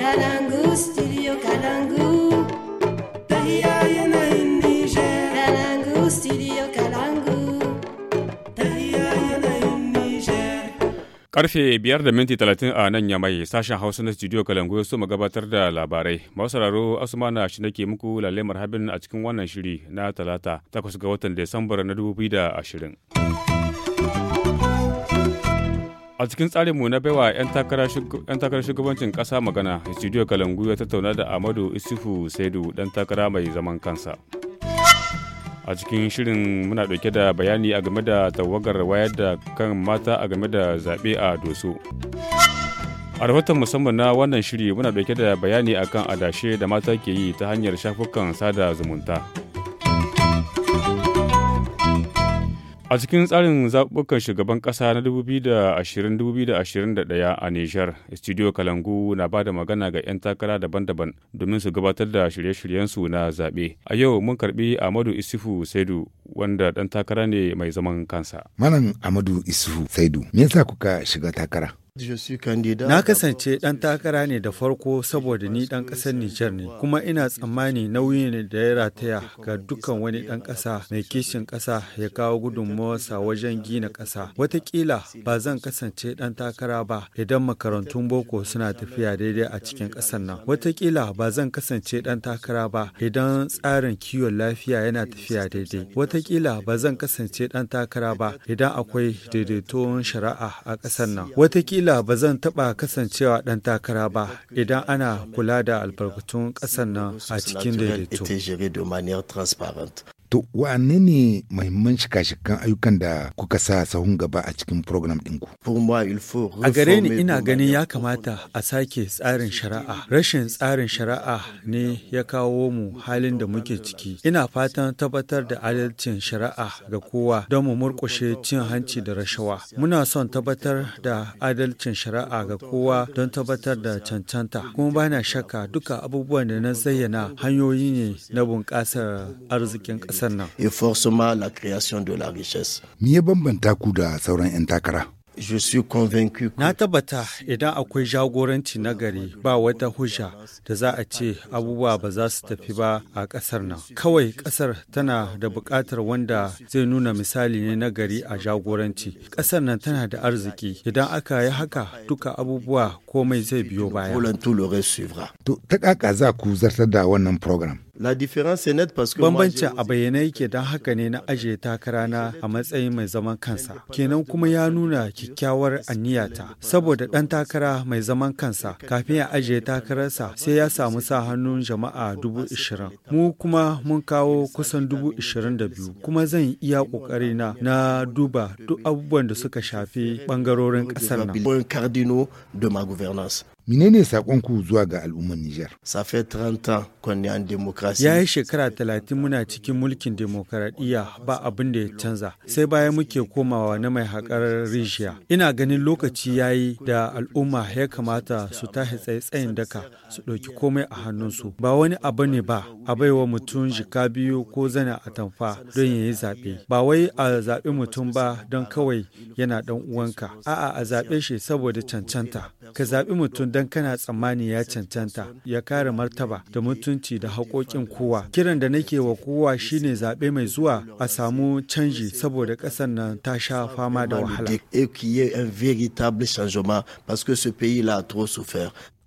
Kalangu, studio studio Karfe biyar da minti talatin a nan yamai sashen Hausa na studio Kalangu ya ma gabatar da labarai. Masu asmana shi nake muku lalle habin a cikin wannan shiri na talata takwas ga watan disambar na dubu biyu da ashirin. a cikin tsarinmu na baiwa 'yan takarar shugabancin ƙasa magana studio kalangu ya tattauna da amadu isufu saidu dan takara mai zaman kansa a cikin shirin muna ɗauke da bayani a game da tawagar wayar da kan mata a game da zaɓe a doso a rahoton musamman na wannan shiri muna ɗauke da bayani akan adashe da mata ke yi ta hanyar shafukan sada zumunta. A cikin tsarin zaɓuɓɓukan shugaban ƙasa na 2020-2021 a Nijar, Studio Kalangu na ba da magana ga 'yan takara daban-daban domin su gabatar da shirye-shiryensu na zaɓe. A yau mun karɓi Amadu Isufu Saidu wanda ɗan takara ne mai zaman kansa. Malam Amadu Isufu Saidu, me yasa kuka shiga takara? Na kasance ɗan takara ne da farko saboda ni ɗan ƙasar Nijar ne, kuma ina tsammani nauyi ne da ya rataya ga dukkan wani ɗan ƙasa mai kishin ƙasa ya kawo gudunmawarsa wajen gina ƙasa. Wataƙila ba zan kasance ɗan takara ba idan makarantun boko suna tafiya daidai a cikin ƙasar nan. Wataƙila ba zan kasance ɗan takara ba idan tsarin kiwon lafiya yana tafiya daidai. Wataƙila ba zan kasance ɗan takara ba idan akwai daidaiton shari'a a ƙasar nan. Wataƙila kila ba zan taɓa kasancewa ɗan takara ba idan ana kula da albarkatun ƙasar nan a cikin daidaito. To wane ne mahimman shika-shikan ayyukan da kuka sa sahun gaba a cikin program ɗinku? A gare ni ina ganin ya kamata a sake tsarin shari'a. Rashin tsarin shari'a ne ya kawo mu halin da muke ciki. Ina fatan tabbatar da adalcin shari'a ga kowa don mu murƙushe cin hanci da rashawa. Muna son tabbatar da adalcin shari'a ga kowa don tabbatar da cancanta. Kuma bana shakka duka abubuwan da na zayyana hanyoyi ne na bunƙasar arzikin ƙasa. ƙasar et la création de la richesse me ya bambanta ku da sauran 'yan takara Je suis convaincu. Na tabbata idan akwai jagoranci na gari ba wata hujja da za a ce abubuwa ba za su tafi ba a ƙasar nan. Kawai ƙasar tana da buƙatar wanda zai nuna misali ne nagari a jagoranci. Ƙasar nan tana da arziki. Idan aka yi haka duka abubuwa komai zai biyo baya. To ta ƙaƙa za ku zartar da wannan program. la Bambanci a bayyanai yake don haka ne na ajiye takarana a matsayin mai zaman kansa. Kenan kuma ya nuna kyakkyawar anniyata Saboda ɗan takara mai zaman kansa kafin ya ajiye takararsa sai ya samu sa hannun jama'a dubu ishirin. Mu kuma mun kawo kusan dubu ishirin da biyu. Kuma zan iya ƙoƙari na na duba duk abubuwan da suka shafi ɓangarorin ƙasar nan. menene ku zuwa ga al'ummar Nijar? Safe 30 kwanne demokrasi. Ya yi shekara talatin muna cikin mulkin demokaradiyya ba abin da ya canza. Sai bayan muke komawa na mai haƙar rijiya. Ina ganin lokaci ya yi da al'umma ya kamata su tashi tsaye-tsayin daka su ɗauki komai a hannunsu. Ba wani abu ne ba a baiwa mutum jika biyu ko zana atamfa don ya yi zaɓe. Ba wai a zaɓi mutum ba don kawai yana ɗan uwanka. A'a a zaɓe shi saboda cancanta. Ka zaɓi mutum don don kana tsammani ya cancanta ya kare martaba da mutunci da haƙoƙin kowa kiran da nake wa kowa shine zaɓe mai zuwa a samu canji saboda ƙasar nan ta sha fama da wahala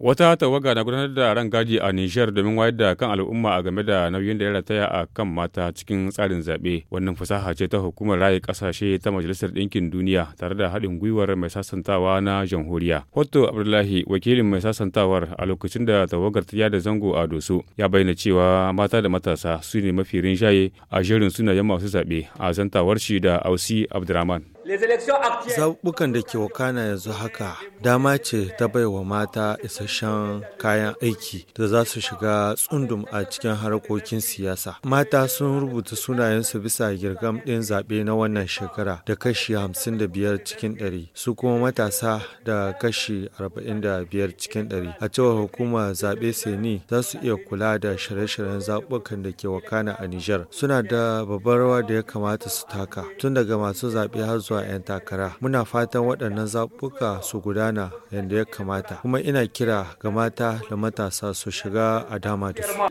Wata tawaga na gudanar da gaji a Nijar domin wayar da kan al'umma a game da nauyin da ya rataya a kan mata cikin tsarin zaɓe. Wannan fasaha ce ta hukumar raye ƙasashe ta Majalisar Ɗinkin Duniya tare da haɗin gwiwar mai sasantawa na jamhuriya. Hoto Abdullahi wakilin mai sasantawar a lokacin da tawagar ta yada zango a Doso ya bayyana cewa mata da matasa su ne mafi rinjaye a jerin sunayen masu zaɓe a zantawar shi da Ausi abdulrahman. zaɓuɓɓukan da ke wakana yanzu haka dama ce ta baiwa mata isasshen kayan aiki da za su shiga tsundum a cikin harkokin siyasa mata sun rubuta sunayensu bisa girgam ɗin zaɓe na wannan shekara da kashi 55 cikin 100 su kuma matasa da kashi 45 cikin 100 a cewar hukumar zaɓe seni za su iya kula da shirye-shiryen zaɓuɓɓukan da ke wakana a nijar suna da babbar rawa da ya kamata su taka tun daga masu zaɓe har zuwa zuwa 'yan takara muna fatan waɗannan zaɓuka su gudana yadda ya kamata kuma ina kira ga mata da matasa su shiga a dama da su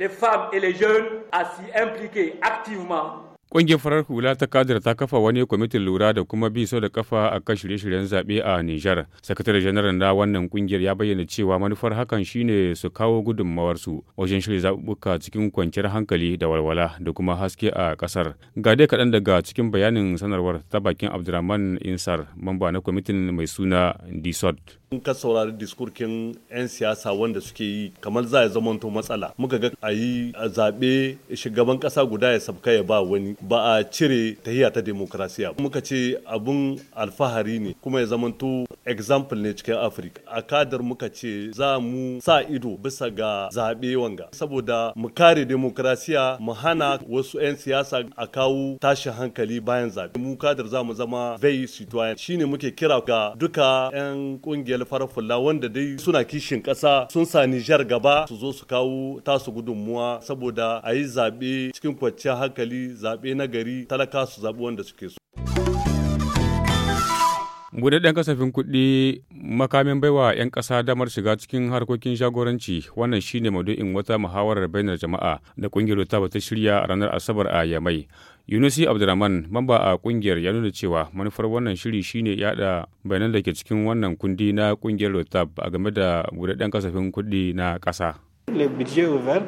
Ƙungiyar farar hula ta kadar ta kafa wani kwamitin lura da kuma bi sau da kafa a kan shirye-shiryen zaɓe a Nijar. Sakatare janar na wannan ƙungiyar ya bayyana cewa manufar hakan shine su kawo gudunmawarsu wajen shirya zaɓuɓɓuka cikin kwanciyar hankali da walwala da kuma haske a ƙasar. Ga dai kaɗan daga cikin bayanin sanarwar ta bakin Abdulrahman Insar, mamba na kwamitin mai suna Disot. in ka saurari diskurkin 'yan siyasa wanda suke yi kamar za ya zamanto matsala muka ga a yi zaɓe shugaban kasa guda ya sabka ya ba wani ba a cire tahiya ta demokrasiya muka ce abun alfahari ne kuma ya zamanto example ne cikin afirka a kadar muka ce za mu sa ido bisa ga zaɓe wanga saboda mu kare demokrasiya mu hana wasu 'yan siyasa a kawo tashin hankali bayan zaɓe mu kadar za mu zama vei citoyen shine muke kira ga duka 'yan kungiyar. ƙungiyar farar fulla wanda dai suna kishin ƙasa sun sa Nijar gaba su zo su kawo tasu gudunmuwa saboda a yi zaɓe cikin kwanciyar hankali zaɓe na gari talaka su zaɓi wanda suke so. Budaden kasafin kuɗi makamin baiwa 'yan ƙasa damar shiga cikin harkokin jagoranci wannan shine maudu'in wata muhawarar bainar jama'a da ƙungiyar ta shirya ranar asabar a yamai Yunusi Abdulrahman mamba a kungiyar ya nuna cewa manufar wannan shiri shine yada bayanan da ke cikin wannan kundi na kungiyar rotab a game da budaden kasafin kuɗi na ƙasa.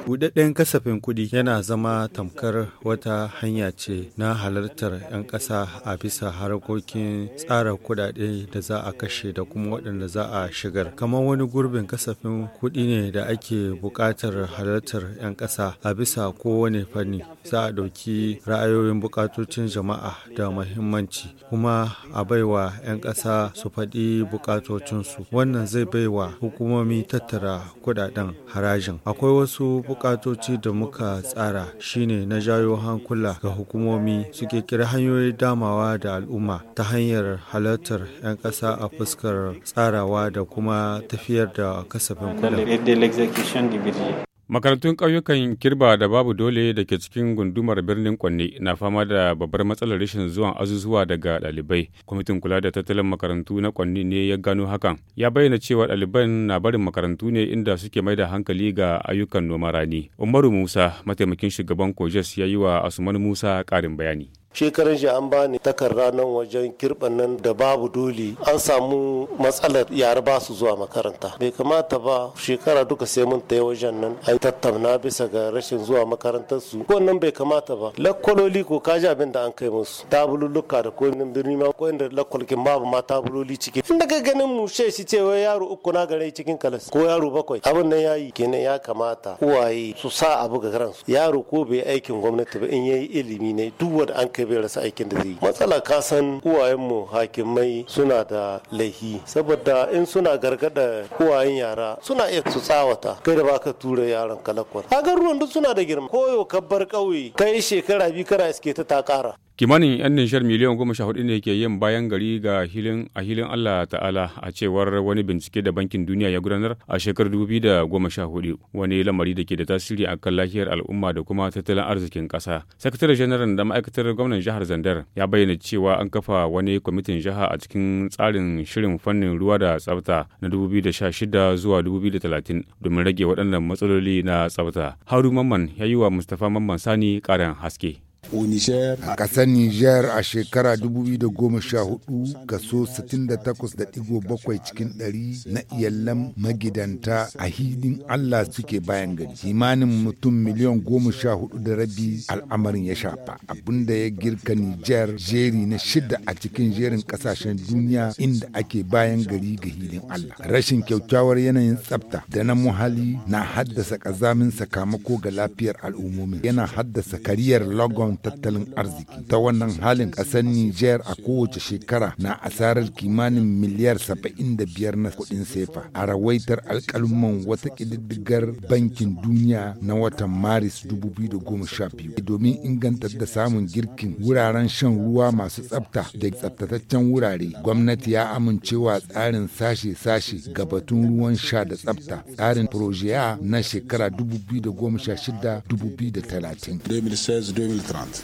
Buɗaɗɗen kasafin kuɗi yana zama tamkar wata hanya ce na halartar 'yan ƙasa a bisa harkokin tsara kuɗaɗe da za a kashe da kuma waɗanda za a shigar. Kamar wani gurbin kasafin kuɗi ne da ake buƙatar halartar 'yan ƙasa a bisa kowane fanni. Za a ɗauki ra'ayoyin buƙatocin jama'a da muhimmanci kuma a baiwa 'yan ƙasa su faɗi buƙatocinsu. Wannan zai baiwa hukumomi tattara kuɗaɗen haraji. akwai wasu bukatoci da muka tsara shine na jayo hankula ga hukumomi su kira hanyoyi damawa da al'umma ta hanyar halartar 'yan ƙasa a fuskar tsarawa da kuma tafiyar da kasafin kuɗi Makarantun ƙauyukan Kirba da babu dole da ke cikin gundumar birnin Kwanne na fama da babbar matsalar rashin zuwan azuzuwa daga ɗalibai. Kwamitin kula da tattalin makarantu na Kwanne ne ya gano hakan. Ya bayyana cewa ɗaliban na barin makarantu ne inda suke mai da hankali ga ayyukan noma rani. Umaru Musa, mataimakin shugaban Kojes ya yi wa Asuman Musa ƙarin bayani. shekaran shi an bani takarda nan wajen kirban nan da babu doli an samu matsalar yara ba su zuwa makaranta bai kamata ba shekara duka sai mun ta wajen nan a yi tattauna bisa ga rashin zuwa makarantar su ko nan bai kamata ba lakkwaloli ko kaji abin da an kai musu tabululuka da ko nan birni ma ko inda lakkwalkin babu ma tabululi ciki inda ka ganin mu she shi cewa yaro uku na gare cikin kalas ko yaro bakwai abin nan yayi kenan ya kamata uwaye su sa abu ga ransu yaro ko bai aikin gwamnati ba in yayi ilimi ne duk wanda an kai bai rasa aikin da zai yi matsala ka san uwayenmu hakimai suna da laihi saboda in suna gargada uwayen yara suna iya su tsawata kai da baka tura yaron kalakwal kaga ruwan duk suna da girma koyo kabbar ƙauye kai shekara biyu kara iske ta ta ƙara kimanin 'yan nishar miliyan goma sha hudu ne ke yin bayan gari ga hilin a hilin allah ta'ala a cewar wani bincike da bankin duniya ya gudanar a shekarar dubu da goma sha hudu wani lamari da ke da tasiri a kan lafiyar al'umma da kuma tattalin arzikin ƙasa sakataren janaral da ma'aikatar gwamnan jihar zandar ya bayyana cewa an kafa wani kwamitin jiha a cikin tsarin shirin fannin ruwa da tsafta na dubu da sha shida zuwa dubu da talatin domin rage waɗannan matsaloli na tsafta haru mamman ya yi wa mustapha mamman sani ƙarin haske a ƙasar Nijar a shekara 2014 kaso 68.7 cikin ɗari na iyalan magidanta a hidin Allah suke bayan gari. Imanin mutum miliyan 14 da rabi al'amarin ya shafa abinda ya girka Nijar jeri na shida a cikin jerin ƙasashen duniya inda ake bayan gari ga hidin Allah. Rashin kyaukyawar yanayin tsafta da na muhalli na haddasa ƙazamin sakamako ga lafiyar al'ummomin yana haddasa kariyar logon samun tattalin arziki. Ta wannan halin ƙasar Niger a kowace shekara na asarar kimanin miliyar saba'in da biyar na kuɗin sefa. A rawaitar alƙalman wata ƙididdigar bankin duniya na watan Maris 2012 domin inganta da samun girkin wuraren shan ruwa masu tsafta da tsaftataccen wurare. Gwamnati ya amincewa tsarin sashe-sashe ga batun ruwan sha da tsafta tsarin projeya na shekara 2016-2030. Russland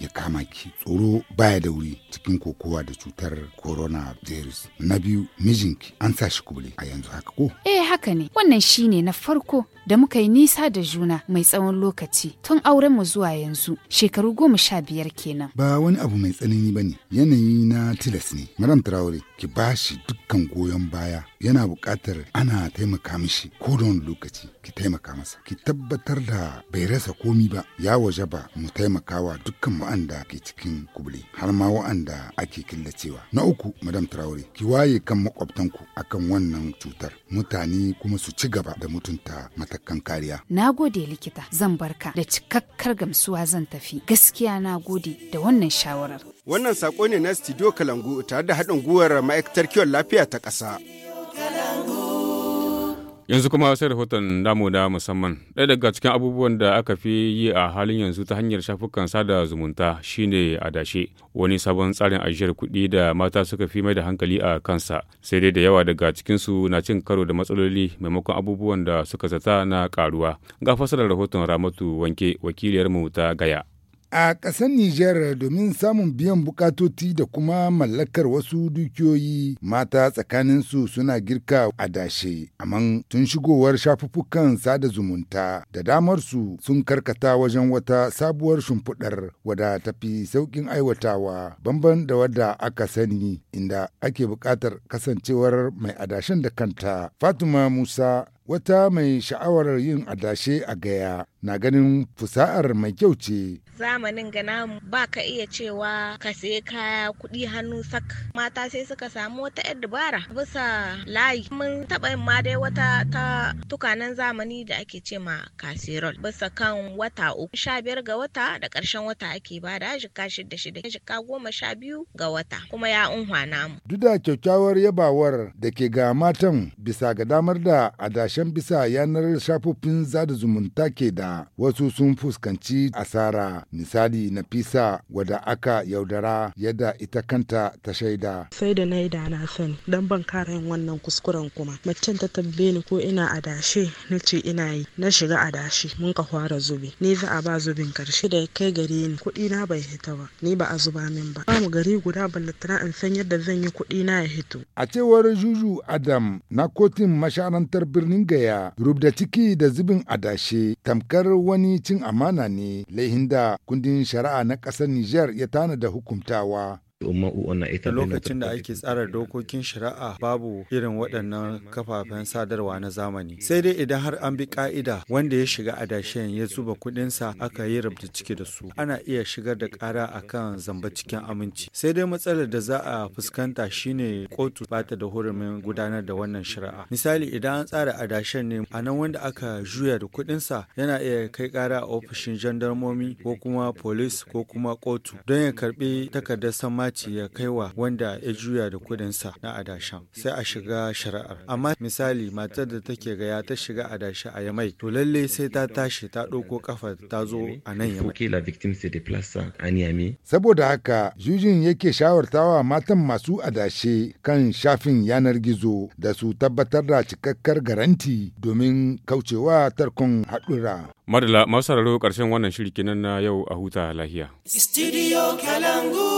ya kama ki tsoro baya da wuri cikin kokowa da cutar coronavirus na biyu mijinki an sa shi kubule a yanzu haka ko eh haka ne wannan shine na farko da muka yi nisa da juna mai tsawon lokaci tun auren mu zuwa yanzu shekaru goma sha biyar kenan ba wani abu mai tsanani bane yanayi na tilas ne madam traore ki ba shi dukkan goyon baya yana buƙatar ana taimaka mishi ko da wani lokaci ki taimaka masa ki tabbatar da bai rasa komi ba ya waje ba mu taimakawa dukkan mu. wa'anda ke cikin kubule har ma wa'anda ake killacewa. Na uku Madam Traore ki waye kan makwabtanku akan wannan cutar mutane kuma su ci gaba da mutunta matakan kariya. Na gode likita zan barka da cikakkar gamsuwa zan tafi gaskiya na gode da wannan shawarar. Wannan sako ne na Studio Kalangu tare da haɗin gwiwar ma'aikatar kiwon lafiya ta ƙasa. Yanzu kuma sai rahoton damu da musamman. Ɗaya daga cikin abubuwan da aka fi yi a halin yanzu ta hanyar shafukan sada zumunta shine adashe, wani sabon tsarin ajiyar kuɗi da mata suka fi mai da hankali a kansa. Sai dai da yawa daga cikinsu na cin karo da matsaloli maimakon abubuwan da suka zata na karuwa. Ga fasarar rahoton Ramatu Wanke wakiliyarmu ta Gaya. A ƙasar Nijar domin samun biyan bukatoti da kuma mallakar wasu dukiyoyi mata tsakaninsu suna girka adashe, amma tun shigowar shafuffukan sada zumunta da damarsu sun karkata wajen wata sabuwar shimfiɗar wadda fi sauƙin aiwatawa banban da wadda aka sani inda ake buƙatar kasancewar mai adashen da kanta. Fatima Musa wata mai sha'awar yin adashe a gaya na ganin fusa'ar mai kyau ce. Zamanin gana ba ka iya cewa ka sayi kaya kuɗi hannu sak. Mata sai suka samu wata 'yar dabara bisa layi. Mun taɓa yin ma dai wata ta tukanen zamani da ake ce ma kasirol. Bisa kan wata uku. Sha biyar ga wata da ƙarshen wata ake ba da jika shida shida. Jika goma sha biyu ga wata. Kuma ya unhwa namu. Duk da kyakkyawar yabawar da ke ga matan bisa ga damar da adashen bisa yanar shafofin zada zumunta ke da wasu sun fuskanci asara misali na fisa wadda aka yaudara yadda ita kanta ta shaida sai da na yi da na sani don ban kara wannan kuskuren kuma macen ta tabbe ni ko ina adashe na ce ina yi na shiga adashe mun ka fara zubi ni za a ba zubin karshe da ya kai gare ni kuɗi na bai hita ba ni ba a zuba min ba mu gari guda ballatana in san yadda zan yi kuɗi na ya hito a cewar juju adam na kotun masharantar birnin gaya rubda ciki da zubin adashe tamkar tamkar wani cin amana ne laihin da kundin shari'a na ƙasar Nijar ya tana da hukumtawa. lokacin da ake tsara dokokin shari'a babu irin waɗannan kafafen sadarwa na zamani sai dai idan har an bi ka'ida wanda ya shiga adashen ya zuba kuɗinsa aka yi rabta ciki da su ana iya shigar da ƙara kan zamba cikin aminci sai dai matsalar da za a fuskanta shine kotu ba ta da hurumin gudanar da wannan shari'a misali idan an tsara adashen ne a nan wanda aka juya da kuɗinsa yana iya kai ƙara a ofishin jandarmomi ko kuma polis ko kuma kotu don ya karɓi takardar sama ɓaci ya kaiwa wanda ya juya da kudinsa na adashan sai a shiga shari'ar amma misali matar da take gaya ta shiga adashi a yamai to lalle sai ta tashi ta ɗauko kafa ta zo a nan yamai saboda haka jujin yake shawartawa matan masu adashe kan shafin yanar gizo da su tabbatar da cikakkar garanti domin kaucewa tarkon haɗura madala masu sauraro ƙarshen wannan shiri kenan na yau a huta lahiya. Studio Kalangu.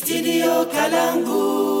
studio kalangu